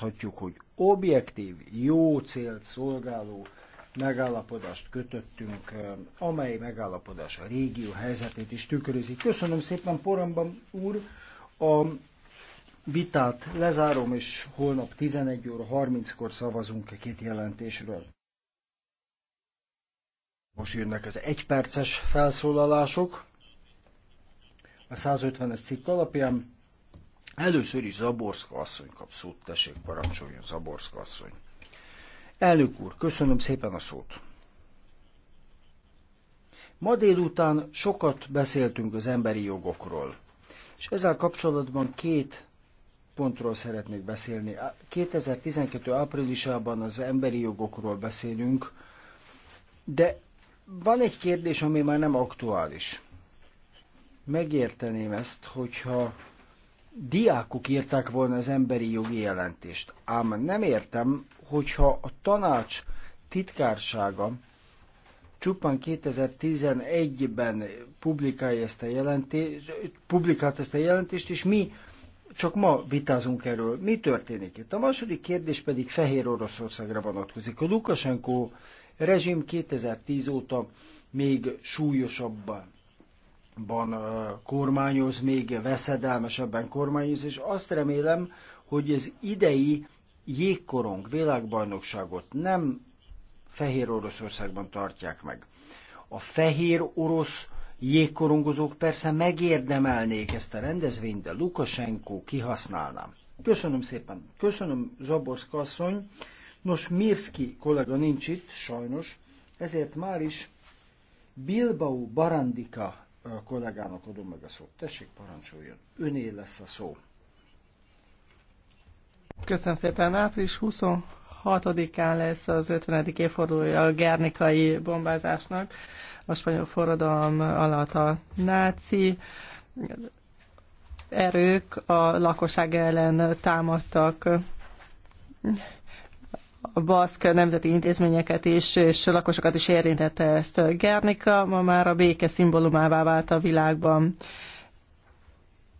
mondhatjuk, hogy objektív, jó célt szolgáló megállapodást kötöttünk, eh, amely megállapodás a régió helyzetét is tükrözi. Köszönöm szépen, Poramban úr, a vitát lezárom, és holnap 11 óra 30-kor szavazunk a két jelentésről. Most jönnek az egyperces felszólalások a 150-es cikk alapján. Először is Zaborszka asszony kap szót, tessék parancsoljon Zaborszka asszony. Elnök úr, köszönöm szépen a szót. Ma délután sokat beszéltünk az emberi jogokról, és ezzel kapcsolatban két pontról szeretnék beszélni. 2012. áprilisában az emberi jogokról beszélünk, de van egy kérdés, ami már nem aktuális. Megérteném ezt, hogyha diákok írták volna az emberi jogi jelentést. Ám nem értem, hogyha a tanács titkársága csupán 2011-ben publikálja ezt a jelentést, publikált ezt a jelentést, és mi csak ma vitázunk erről. Mi történik itt? A második kérdés pedig Fehér Oroszországra vonatkozik. A Lukasenko rezsim 2010 óta még súlyosabban ban kormányoz, még veszedelmesebben kormányoz, és azt remélem, hogy az idei jégkorong világbajnokságot nem Fehér Oroszországban tartják meg. A fehér orosz jégkorongozók persze megérdemelnék ezt a rendezvényt, de Lukasenko kihasználná. Köszönöm szépen. Köszönöm, Zaborszka asszony. Nos, Mirski kollega nincs itt, sajnos, ezért már is Bilbao Barandika a kollégának adom meg a szót. Tessék, parancsoljon. Öné lesz a szó. Köszönöm szépen. Április 26-án lesz az 50. évfordulója a gernikai bombázásnak. A spanyol forradalom alatt a náci erők a lakosság ellen támadtak a baszk nemzeti intézményeket is, és lakosokat is érintette ezt. Gernika ma már a béke szimbólumává vált a világban,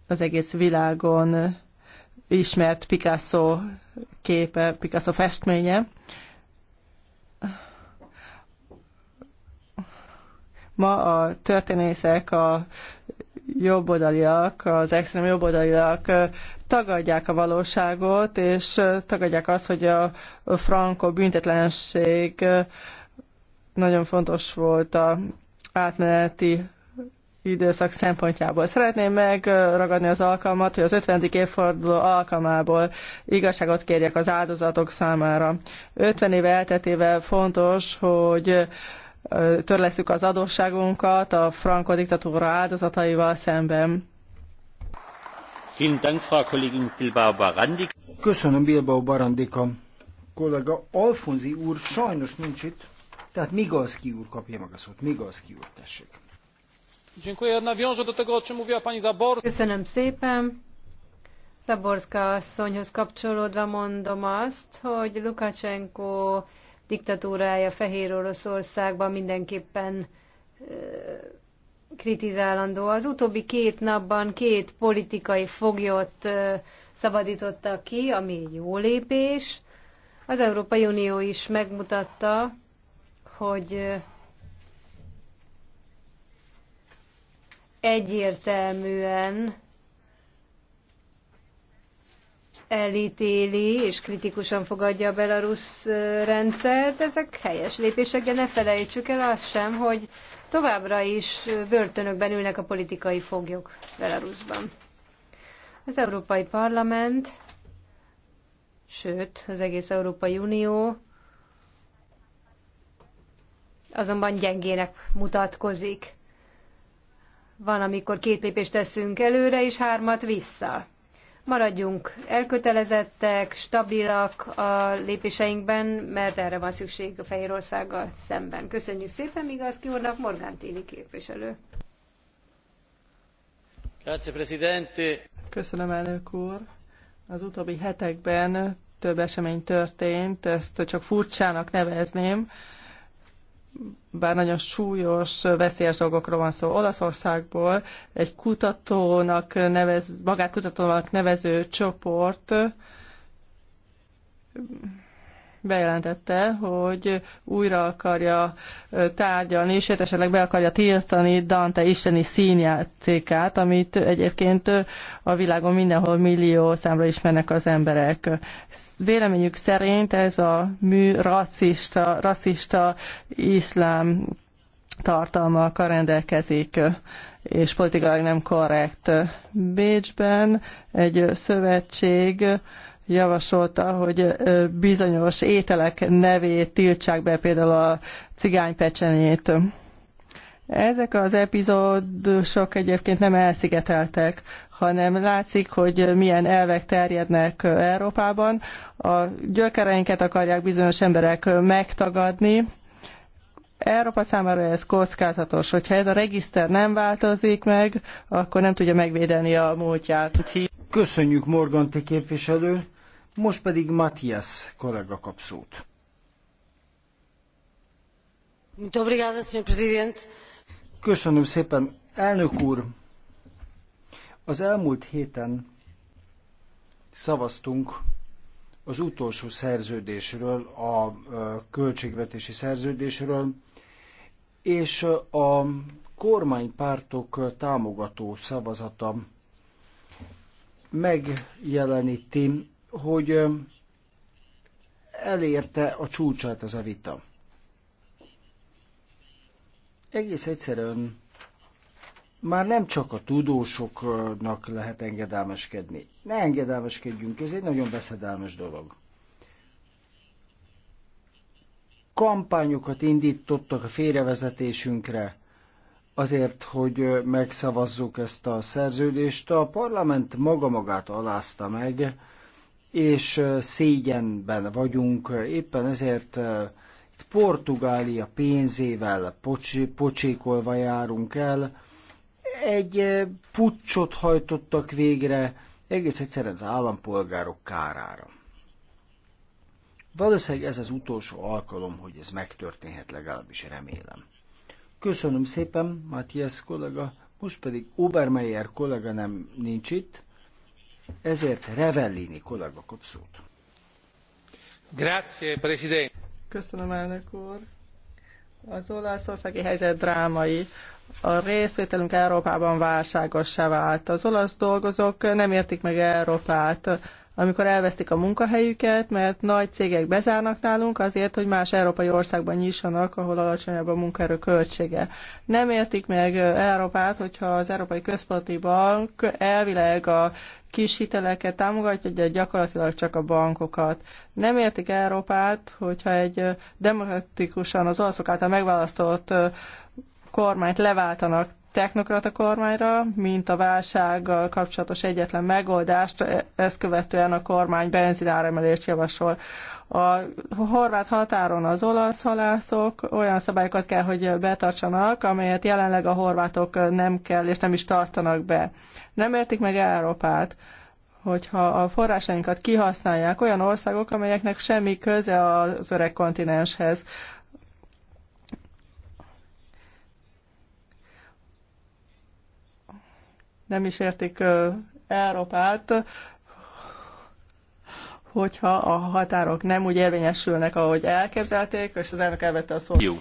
az egész világon ismert Picasso képe, Picasso festménye. Ma a történészek a jobboldaliak, az extrém jobboldaliak tagadják a valóságot, és tagadják azt, hogy a franco büntetlenség nagyon fontos volt a átmeneti időszak szempontjából. Szeretném megragadni az alkalmat, hogy az 50. évforduló alkalmából igazságot kérjek az áldozatok számára. 50 éve elteltével fontos, hogy törleszük az adósságunkat a Franco diktatúra áldozataival szemben. Köszönöm Bilbao Barandika. Kollega Alfonzi úr sajnos nincs itt, tehát Migalski úr kapja meg a szót. Migalski úr, tessék. Köszönöm szépen. Zaborska asszonyhoz kapcsolódva mondom azt, hogy Lukácsenko diktatúrája Fehér Oroszországban mindenképpen kritizálandó. Az utóbbi két napban két politikai foglyot szabadítottak ki, ami jó lépés. Az Európai Unió is megmutatta, hogy egyértelműen elítéli és kritikusan fogadja a belarusz rendszert, ezek helyes lépések, de ne felejtsük el azt sem, hogy továbbra is börtönökben ülnek a politikai foglyok Belarusban. Az Európai Parlament, sőt, az egész Európai Unió azonban gyengének mutatkozik. Van, amikor két lépést teszünk előre, és hármat vissza. Maradjunk elkötelezettek, stabilak a lépéseinkben, mert erre van szükség a Fehérországgal szemben. Köszönjük szépen, míg úrnak, kiúrnak Morgántini képviselő. Köszönöm, elnök úr. Az utóbbi hetekben több esemény történt, ezt csak furcsának nevezném bár nagyon súlyos, veszélyes dolgokról van szó. Olaszországból egy kutatónak nevez, magát kutatónak nevező csoport bejelentette, hogy újra akarja tárgyalni, és esetleg be akarja tiltani Dante isteni színjátékát, amit egyébként a világon mindenhol millió számra ismernek az emberek. Véleményük szerint ez a mű rasszista, rasszista iszlám tartalmakkal rendelkezik és politikailag nem korrekt. Bécsben egy szövetség javasolta, hogy bizonyos ételek nevét tiltsák be, például a cigánypecsenyét. Ezek az epizódusok egyébként nem elszigeteltek, hanem látszik, hogy milyen elvek terjednek Európában. A gyökereinket akarják bizonyos emberek megtagadni, Európa számára ez kockázatos. Hogyha ez a regiszter nem változik meg, akkor nem tudja megvédeni a múltját. Köszönjük Morganti képviselő. Most pedig Matthias kollega kap szót. Köszönöm szépen, elnök úr! Az elmúlt héten szavaztunk az utolsó szerződésről, a költségvetési szerződésről, és a kormánypártok támogató szavazata megjeleníti hogy elérte a csúcsát ez a vita. Egész egyszerűen már nem csak a tudósoknak lehet engedelmeskedni. Ne engedelmeskedjünk, ez egy nagyon veszedelmes dolog. Kampányokat indítottak a félrevezetésünkre, azért, hogy megszavazzuk ezt a szerződést. A parlament maga magát alázta meg, és szégyenben vagyunk, éppen ezért itt Portugália pénzével pocs- pocsékolva járunk el. Egy pucsot hajtottak végre, egész egyszerűen az állampolgárok kárára. Valószínűleg ez az utolsó alkalom, hogy ez megtörténhet, legalábbis remélem. Köszönöm szépen, Matthias kollega, most pedig Obermeyer kollega nem nincs itt, ezért Revellini kollega kap szót. Grazie, Presidente. Köszönöm, elnök úr. Az olaszországi helyzet drámai. A részvételünk Európában válságossá vált. Az olasz dolgozók nem értik meg Európát amikor elvesztik a munkahelyüket, mert nagy cégek bezárnak nálunk azért, hogy más európai országban nyissanak, ahol alacsonyabb a munkaerő költsége. Nem értik meg Európát, hogyha az Európai Központi Bank elvileg a kis hiteleket támogatja, de gyakorlatilag csak a bankokat. Nem értik Európát, hogyha egy demokratikusan az olaszok által megválasztott kormányt leváltanak technokrata kormányra, mint a válsággal kapcsolatos egyetlen megoldást, e, ezt követően a kormány benzináremelést javasol. A horvát határon az olasz halászok olyan szabályokat kell, hogy betartsanak, amelyet jelenleg a horvátok nem kell és nem is tartanak be. Nem értik meg Európát hogyha a forrásainkat kihasználják olyan országok, amelyeknek semmi köze az öreg kontinenshez. nem is értik Európát, hogyha a határok nem úgy érvényesülnek, ahogy elképzelték, és az elnök elvette a szót. Jó.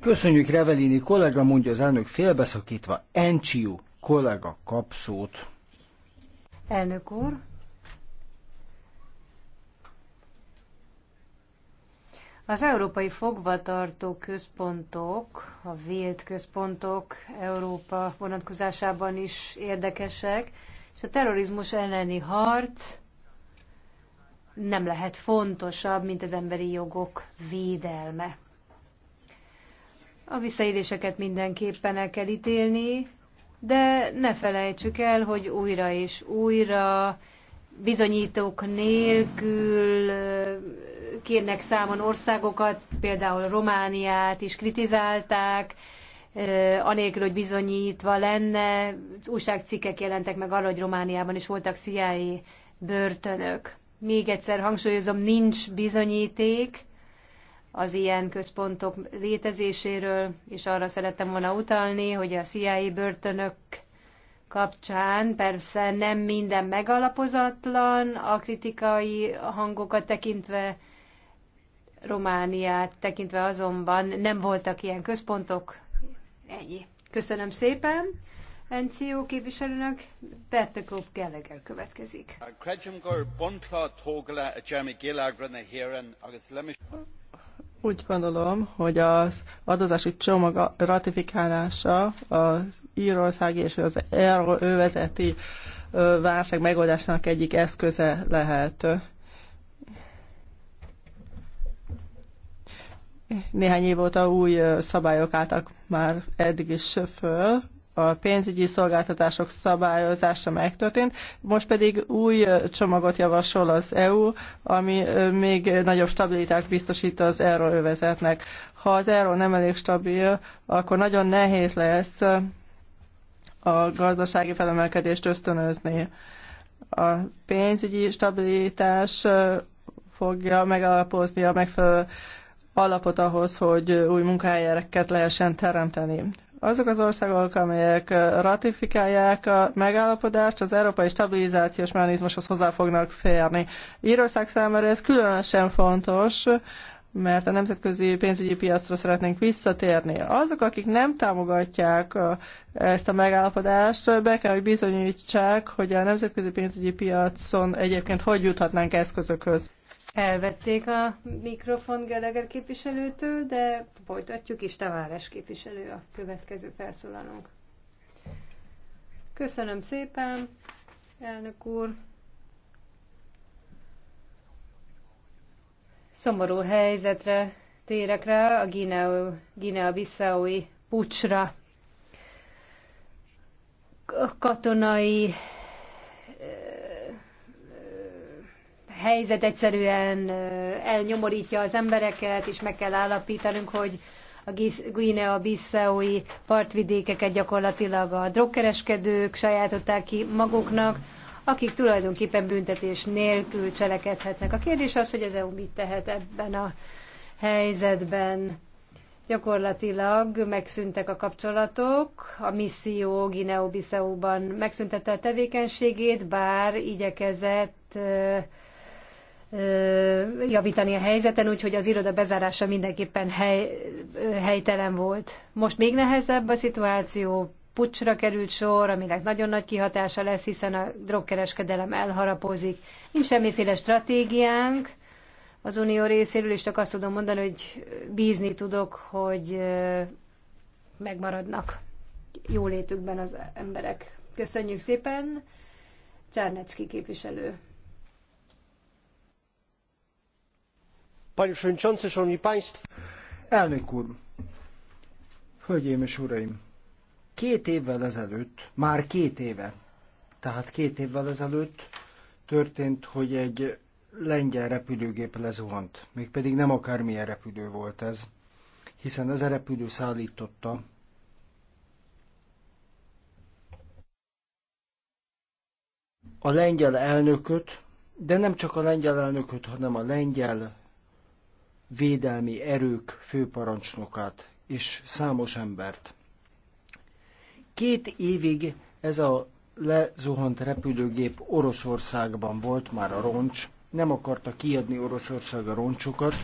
Köszönjük Revelini kollega, mondja az elnök félbeszakítva. Enciu kollega kap szót. Elnök úr, Az európai fogvatartó központok, a vélt központok Európa vonatkozásában is érdekesek, és a terrorizmus elleni harc nem lehet fontosabb, mint az emberi jogok védelme. A visszaéléseket mindenképpen el kell ítélni, de ne felejtsük el, hogy újra és újra bizonyítók nélkül kérnek számon országokat, például Romániát is kritizálták, anélkül, hogy bizonyítva lenne, újságcikkek jelentek meg arra, hogy Romániában is voltak CIA börtönök. Még egyszer hangsúlyozom, nincs bizonyíték az ilyen központok létezéséről, és arra szerettem volna utalni, hogy a CIA börtönök kapcsán persze nem minden megalapozatlan, a kritikai hangokat tekintve Romániát tekintve azonban nem voltak ilyen központok. Ennyi. Köszönöm szépen. NCO képviselőnek Bertekóp Gallagher következik. Úgy gondolom, hogy az adózási csomag ratifikálása az Írország és az övezeti válság megoldásának egyik eszköze lehet néhány év óta új szabályok álltak már eddig is föl, a pénzügyi szolgáltatások szabályozása megtörtént, most pedig új csomagot javasol az EU, ami még nagyobb stabilitást biztosít az övezetnek. Ha az euró nem elég stabil, akkor nagyon nehéz lesz a gazdasági felemelkedést ösztönözni. A pénzügyi stabilitás fogja megalapozni a megfelelő alapot ahhoz, hogy új munkahelyeket lehessen teremteni. Azok az országok, amelyek ratifikálják a megállapodást, az európai stabilizációs mechanizmushoz hozzá fognak férni. Írország számára ez különösen fontos, mert a nemzetközi pénzügyi piacra szeretnénk visszatérni. Azok, akik nem támogatják ezt a megállapodást, be kell, hogy bizonyítsák, hogy a nemzetközi pénzügyi piacon egyébként hogy juthatnánk eszközökhöz. Elvették a mikrofon Geleger képviselőtől, de folytatjuk is Tamáres képviselő a következő felszólalónk. Köszönöm szépen, elnök úr. Szomorú helyzetre térek rá, a Guinea-Bissaui pucsra. Katonai helyzet egyszerűen elnyomorítja az embereket, és meg kell állapítanunk, hogy a Guinea bissau partvidékeket gyakorlatilag a drogkereskedők sajátották ki maguknak, akik tulajdonképpen büntetés nélkül cselekedhetnek. A kérdés az, hogy az EU mit tehet ebben a helyzetben. Gyakorlatilag megszűntek a kapcsolatok, a misszió guinea biszeóban megszüntette a tevékenységét, bár igyekezett javítani a helyzeten, úgyhogy az iroda bezárása mindenképpen hely, helytelen volt. Most még nehezebb a szituáció, pucsra került sor, aminek nagyon nagy kihatása lesz, hiszen a drogkereskedelem elharapozik. Nincs semmiféle stratégiánk az unió részéről, és csak azt tudom mondani, hogy bízni tudok, hogy megmaradnak jólétükben az emberek. Köszönjük szépen, Csárnecski képviselő. Panie Przewodniczący, Szanowni Państwo! Elnök úr! Hölgyeim és Uraim! Két évvel ezelőtt, már két éve, tehát két évvel ezelőtt történt, hogy egy lengyel repülőgép lezuhant. Mégpedig nem akármilyen repülő volt ez, hiszen ez a repülő szállította a lengyel elnököt, de nem csak a lengyel elnököt, hanem a lengyel védelmi erők főparancsnokát és számos embert. Két évig ez a lezuhant repülőgép Oroszországban volt már a roncs, nem akarta kiadni Oroszország a roncsokat,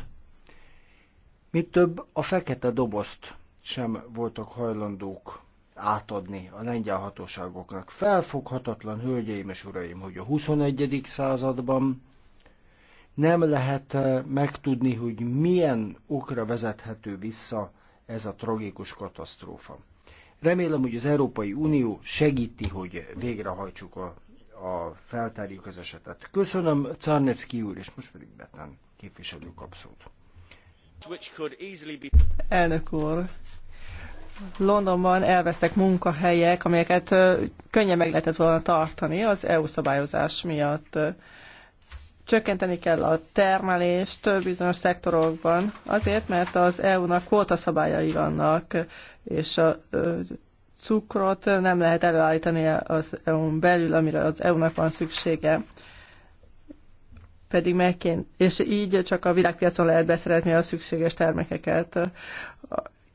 mi több a fekete dobozt sem voltak hajlandók átadni a lengyel hatóságoknak. Felfoghatatlan, hölgyeim és uraim, hogy a 21. században nem lehet eh, megtudni, hogy milyen okra vezethető vissza ez a tragikus katasztrófa. Remélem, hogy az Európai Unió segíti, hogy végrehajtsuk a, a feltárjuk az esetet. Köszönöm, Czarnecki úr, és most pedig Betán képviselő kapszót. Elnök úr, Londonban elvesztek munkahelyek, amelyeket könnyen meg lehetett volna tartani az EU szabályozás miatt csökkenteni kell a termelést bizonyos szektorokban, azért, mert az EU-nak kvótaszabályai vannak, és a cukrot nem lehet előállítani az EU-n belül, amire az EU-nak van szüksége. Pedig meg kéne, és így csak a világpiacon lehet beszerezni a szükséges termékeket.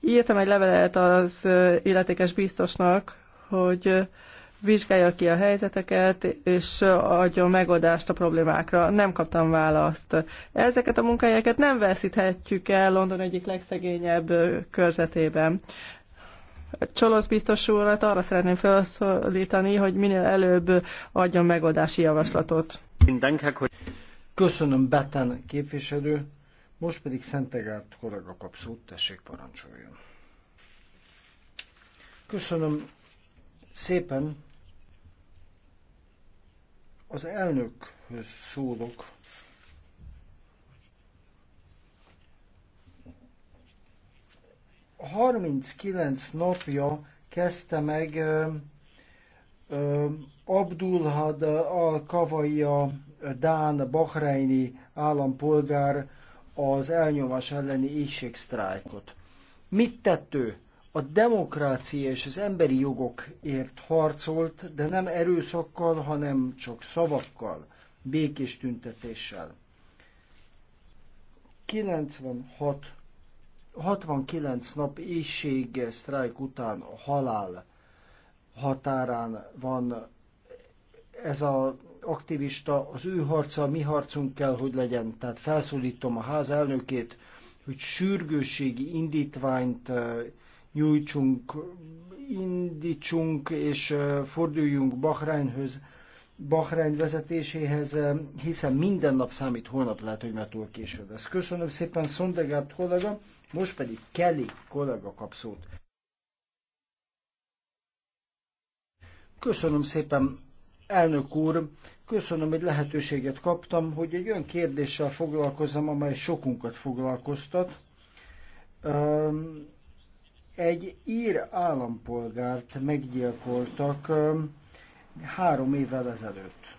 Írtam egy levelet az illetékes biztosnak, hogy vizsgálja ki a helyzeteket, és adjon megoldást a problémákra. Nem kaptam választ. Ezeket a munkahelyeket nem veszíthetjük el London egyik legszegényebb körzetében. Csolosz biztos úrat arra szeretném felszólítani, hogy minél előbb adjon megoldási javaslatot. Köszönöm, Betán képviselő. Most pedig Szentegárt kollega kap szót, tessék parancsoljon. Köszönöm szépen, az elnökhöz szólok. A 39 napja kezdte meg Abdulhad al-Kavaia Dán Bahreini állampolgár az elnyomás elleni éjségsztrájkot. Mit tett ő? a demokrácia és az emberi jogokért harcolt, de nem erőszakkal, hanem csak szavakkal, békés tüntetéssel. 96, 69 nap éjség sztrájk után a halál határán van ez a aktivista, az ő harca, mi harcunk kell, hogy legyen. Tehát felszólítom a ház elnökét, hogy sürgősségi indítványt nyújtsunk, indítsunk és forduljunk Bahreinhöz, Bahrein vezetéséhez, hiszen minden nap számít, holnap lehet, hogy már túl késő lesz. Köszönöm szépen Szondegárt kollega, most pedig Kelly kollega kap szót. Köszönöm szépen, elnök úr, köszönöm, hogy lehetőséget kaptam, hogy egy olyan kérdéssel foglalkozzam, amely sokunkat foglalkoztat. Um, egy ír állampolgárt meggyilkoltak három évvel ezelőtt.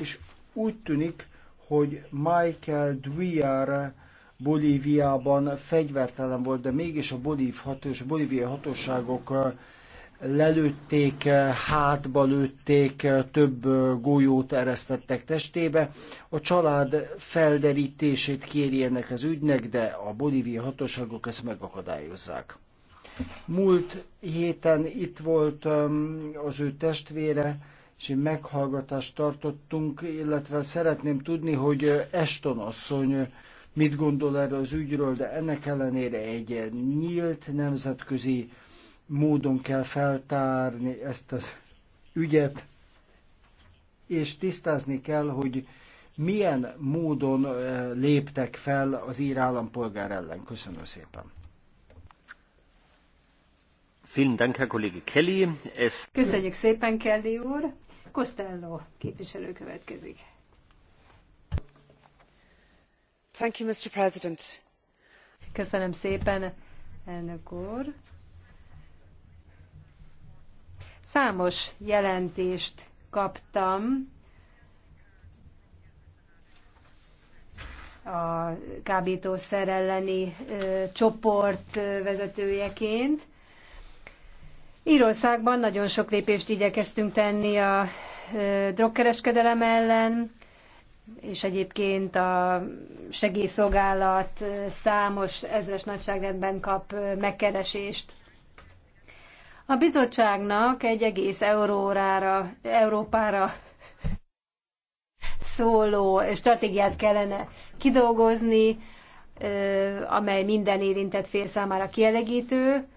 És úgy tűnik, hogy Michael Dwyer Bolíviában fegyvertelen volt, de mégis a bolív hatós, bolíviai hatóságok lelőtték, hátba lőtték, több golyót eresztettek testébe. A család felderítését kéri ennek az ügynek, de a bolíviai hatóságok ezt megakadályozzák. Múlt héten itt volt az ő testvére, és egy meghallgatást tartottunk, illetve szeretném tudni, hogy Eston asszony mit gondol erről az ügyről, de ennek ellenére egy nyílt nemzetközi módon kell feltárni ezt az ügyet, és tisztázni kell, hogy milyen módon léptek fel az ír állampolgár ellen. Köszönöm szépen. Köszönjük szépen, Kelly úr. Costello képviselő következik. Thank you, Mr. President. Köszönöm szépen, elnök úr. Számos jelentést kaptam a kábítószer elleni ö, csoport ö, vezetőjeként, Írországban nagyon sok lépést igyekeztünk tenni a drogkereskedelem ellen, és egyébként a segélyszolgálat számos ezres nagyságrendben kap megkeresést. A bizottságnak egy egész eurórára, Európára szóló stratégiát kellene kidolgozni, amely minden érintett fél számára kielegítő,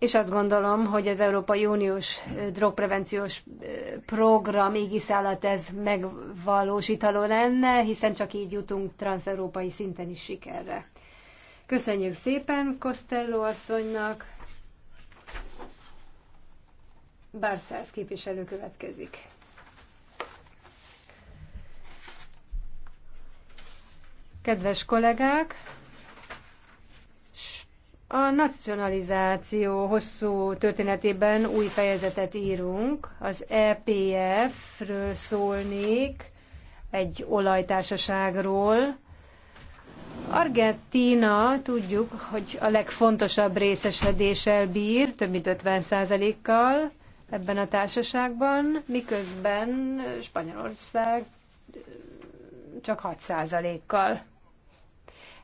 és azt gondolom, hogy az Európai Uniós drogprevenciós program égiszálat ez megvalósítaló lenne, hiszen csak így jutunk transeurópai szinten is sikerre. Köszönjük szépen Costello asszonynak. Bárszász képviselő következik. Kedves kollégák! A nacionalizáció hosszú történetében új fejezetet írunk. Az EPF-ről szólnék, egy olajtársaságról. Argentina tudjuk, hogy a legfontosabb részesedéssel bír, több mint 50%-kal ebben a társaságban, miközben Spanyolország csak 6%-kal.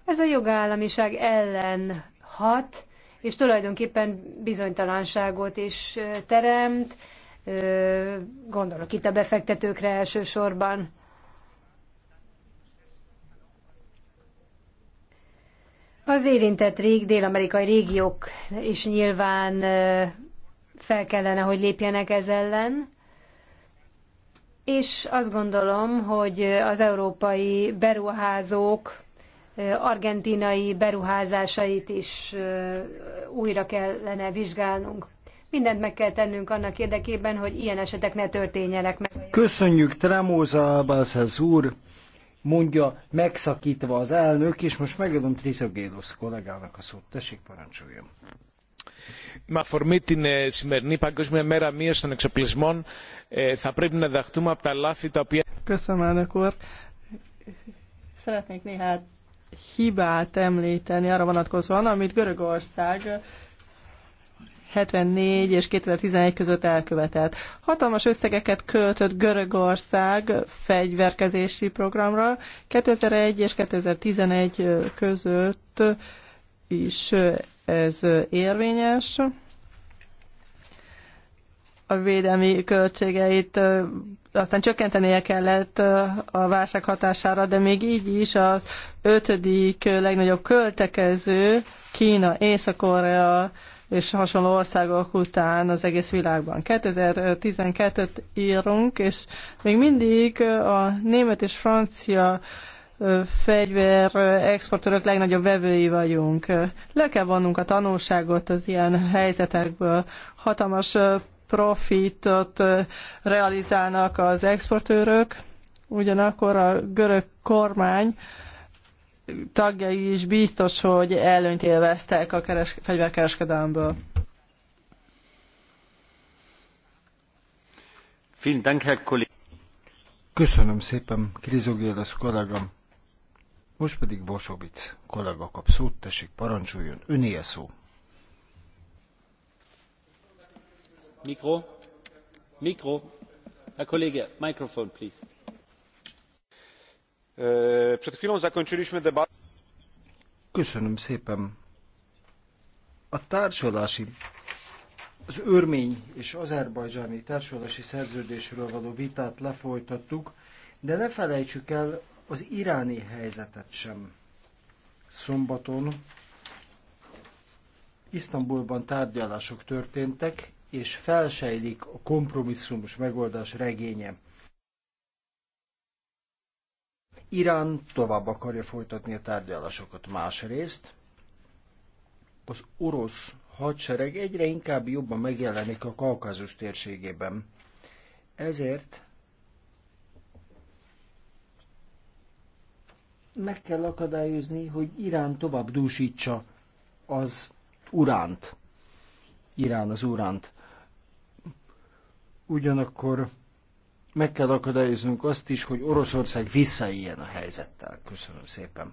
Ez a jogállamiság ellen hat, és tulajdonképpen bizonytalanságot is teremt, gondolok itt a befektetőkre elsősorban. Az érintett rég, dél-amerikai régiók is nyilván fel kellene, hogy lépjenek ez ellen. És azt gondolom, hogy az európai beruházók argentinai beruházásait is újra kellene vizsgálnunk. Mindent meg kell tennünk annak érdekében, hogy ilyen esetek ne történjenek meg. Köszönjük Tramóza Bászhez úr, mondja megszakítva az elnök, és most megadom Trisogélos kollégának a szót. Tessék, parancsoljon. Με αφορμή την σημερινή Παγκόσμια Μέρα Μία των Εξοπλισμών, θα πρέπει να δεχτούμε από τα λάθη τα οποία. Köszönöm, elnök úr. Szeretnék néhány hibát említeni arra vonatkozóan, amit Görögország 74 és 2011 között elkövetett. Hatalmas összegeket költött Görögország fegyverkezési programra. 2001 és 2011 között is ez érvényes a védelmi költségeit aztán csökkentenie kellett a válság hatására, de még így is az ötödik legnagyobb költekező Kína, Észak-Korea és hasonló országok után az egész világban. 2012-t írunk, és még mindig a német és francia fegyver exportőrök legnagyobb vevői vagyunk. Le kell vannunk a tanulságot az ilyen helyzetekből. Hatalmas profitot realizálnak az exportőrök, ugyanakkor a görög kormány tagjai is biztos, hogy előnyt élveztek a keres- fegyverkereskedelmből. Köszönöm szépen, Krizogéles kollégám. Most pedig Vosovic kollega kap szót, tessék parancsoljon, öné szó. przed chwilą zakończyliśmy debatę. köszönöm szépen a társulási az örmény és azerbajdzsáni társulási szerződésről való vitát lefolytattuk, de ne felejtsük el az iráni helyzetet sem. Szombaton Isztambulban tárgyalások történtek, és felsejlik a kompromisszumos megoldás regénye. Irán tovább akarja folytatni a tárgyalásokat másrészt. Az orosz hadsereg egyre inkább jobban megjelenik a Kaukázus térségében. Ezért meg kell akadályozni, hogy Irán tovább dúsítsa az uránt. Irán az uránt ugyanakkor meg kell akadályoznunk azt is, hogy Oroszország visszaéljen a helyzettel. Köszönöm szépen.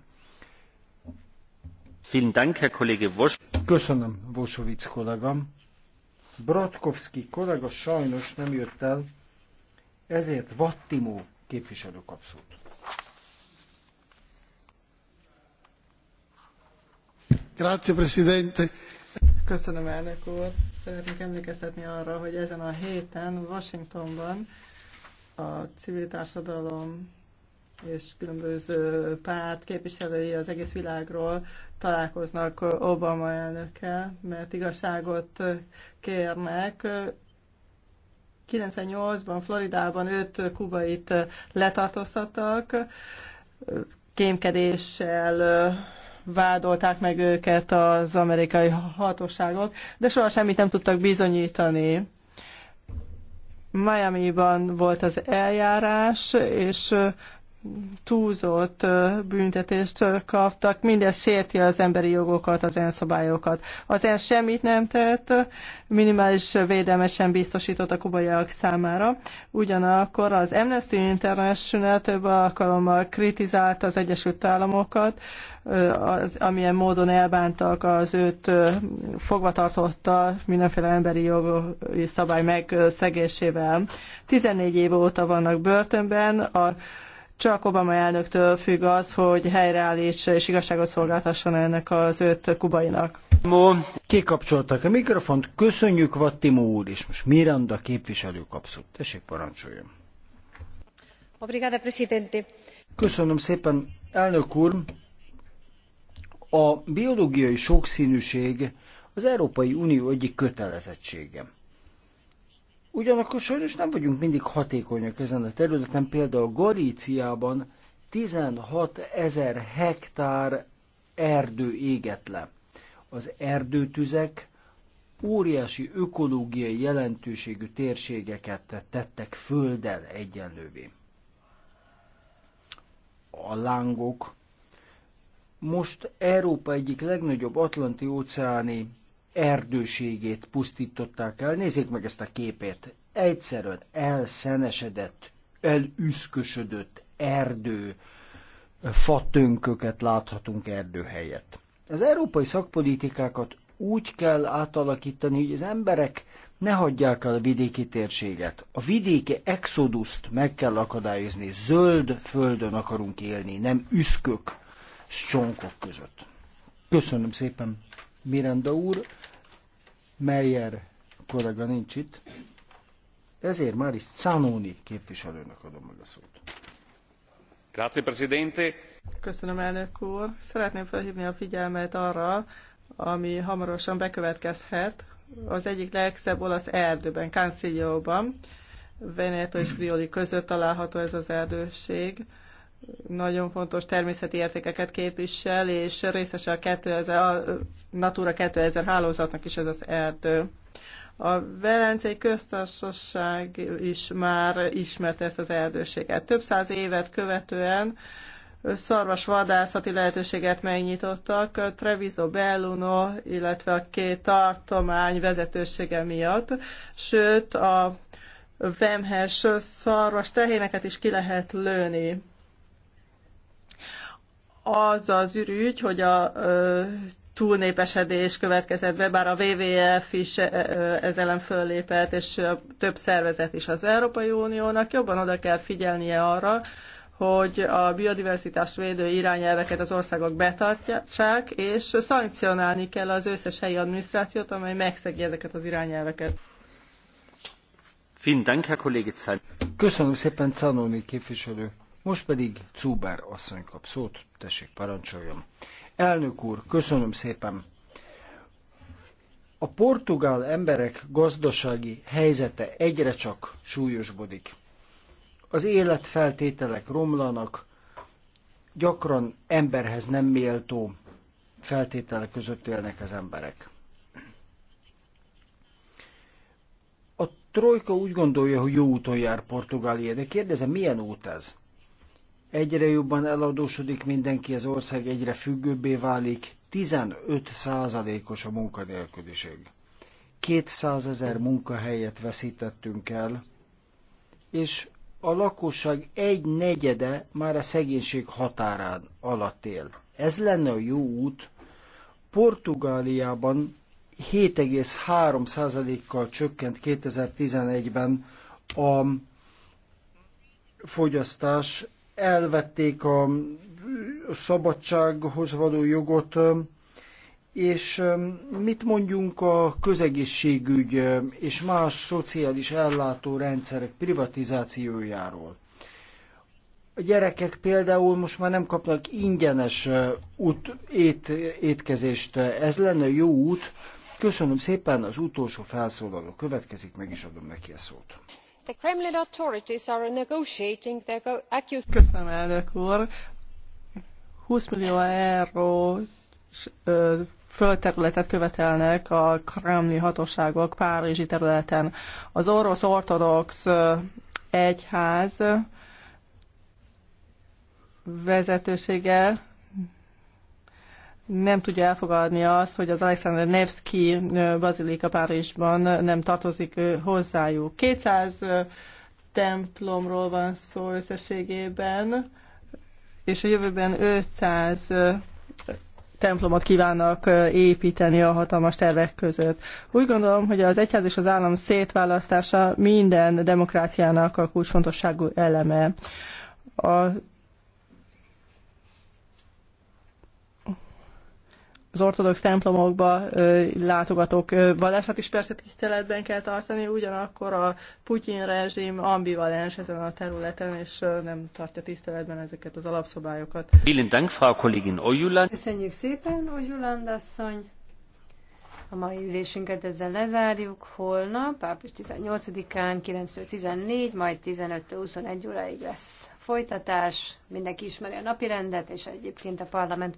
Köszönöm, Vosovic kollega. Bratkovski kollega sajnos nem jött el, ezért Vattimó képviselő kapszót. Grazie, Presidente. Köszönöm, elnök úr. Szeretnék emlékeztetni arra, hogy ezen a héten Washingtonban a civil társadalom és különböző párt képviselői az egész világról találkoznak Obama elnökkel, mert igazságot kérnek. 98-ban Floridában öt kubait letartóztattak, kémkedéssel vádolták meg őket az amerikai hatóságok, de soha semmit nem tudtak bizonyítani. Miami-ban volt az eljárás, és túlzott büntetést kaptak, mindez sérti az emberi jogokat, az ENSZ szabályokat. Az ENSZ semmit nem tett, minimális védelmet sem biztosított a kubaiak számára. Ugyanakkor az Amnesty International több alkalommal kritizálta az Egyesült Államokat, az, amilyen módon elbántak az őt fogvatartotta mindenféle emberi jogi szabály megszegésével. 14 év óta vannak börtönben, a csak Obama elnöktől függ az, hogy helyreállítsa és igazságot szolgáltasson ennek az öt kubainak. Ma kikapcsoltak a mikrofont, köszönjük Vattimó úr, és most Miranda képviselő kapszott. Tessék, parancsoljon. Obrigada, presidente. Köszönöm szépen, elnök úr. A biológiai sokszínűség az Európai Unió egyik kötelezettsége. Ugyanakkor sajnos nem vagyunk mindig hatékonyak ezen a területen, például Galíciában 16 ezer hektár erdő égett le. Az erdőtüzek óriási ökológiai jelentőségű térségeket tettek földdel egyenlővé. A lángok most Európa egyik legnagyobb atlanti óceáni erdőségét pusztították el. Nézzék meg ezt a képét. Egyszerűen elszenesedett, elüszkösödött erdő, fatönköket láthatunk erdő helyett. Az európai szakpolitikákat úgy kell átalakítani, hogy az emberek ne hagyják el a vidéki térséget. A vidéki exoduszt meg kell akadályozni. Zöld földön akarunk élni, nem üszkök, csonkok között. Köszönöm szépen, Miranda úr. Meyer kollega nincs itt, ezért már is Canoni képviselőnek adom meg a szót. Grazie, Presidente. Köszönöm, elnök úr. Szeretném felhívni a figyelmet arra, ami hamarosan bekövetkezhet, az egyik legszebb olasz erdőben, Cancillóban, Veneto és Frioli között található ez az erdőség nagyon fontos természeti értékeket képvisel, és részese a, 2000, a Natura 2000 hálózatnak is ez az erdő. A Velencei Köztársaság is már ismerte ezt az erdőséget. Több száz évet követően szarvas vadászati lehetőséget megnyitottak Treviso Belluno, illetve a két tartomány vezetősége miatt, sőt a vemhes szarvas tehéneket is ki lehet lőni az az ürügy, hogy a túlnépesedés következett be, bár a WWF is ez ellen föllépett, és több szervezet is az Európai Uniónak jobban oda kell figyelnie arra, hogy a biodiversitást védő irányelveket az országok betartják, és szankcionálni kell az összes helyi adminisztrációt, amely megszegi ezeket az irányelveket. Köszönöm szépen, Canoni képviselő. Most pedig Cúber asszony kap szót, tessék parancsoljon. Elnök úr, köszönöm szépen. A portugál emberek gazdasági helyzete egyre csak súlyosbodik. Az életfeltételek romlanak, gyakran emberhez nem méltó feltételek között élnek az emberek. A trojka úgy gondolja, hogy jó úton jár Portugália, de kérdezem, milyen út ez? Egyre jobban eladósodik mindenki, az ország egyre függőbbé válik, 15 százalékos a munkanélküliség. 200 ezer munkahelyet veszítettünk el, és a lakosság egy negyede már a szegénység határán alatt él. Ez lenne a jó út. Portugáliában 7,3%-kal csökkent 2011-ben a fogyasztás, elvették a szabadsághoz való jogot, és um, mit mondjunk a közegészségügy um, és más szociális ellátó rendszerek privatizációjáról? A gyerekek például most már nem kapnak ingyenes uh, út, ét, étkezést. Ez lenne jó út. Köszönöm szépen, az utolsó felszólaló következik, meg is adom neki a szót. The Kremlin authorities are negotiating the Köszönöm, elnök 20 millió euró földterületet követelnek a kremli hatóságok Párizsi területen. Az orosz ortodox egyház vezetősége nem tudja elfogadni azt, hogy az Alexander Nevsky bazilika Párizsban nem tartozik hozzájuk. 200 templomról van szó összességében, és a jövőben 500 templomot kívánnak építeni a hatalmas tervek között. Úgy gondolom, hogy az egyház és az állam szétválasztása minden demokráciának a kulcsfontosságú eleme. A az ortodox templomokba látogatók vallását is persze tiszteletben kell tartani, ugyanakkor a Putyin rezsim ambivalens ezen a területen, és nem tartja tiszteletben ezeket az alapszabályokat. Köszönjük szépen, Ojuland asszony! A mai ülésünket ezzel lezárjuk. Holnap, április 18-án 9-14, majd 15-21 óráig lesz folytatás. Mindenki ismeri a napirendet, és egyébként a parlament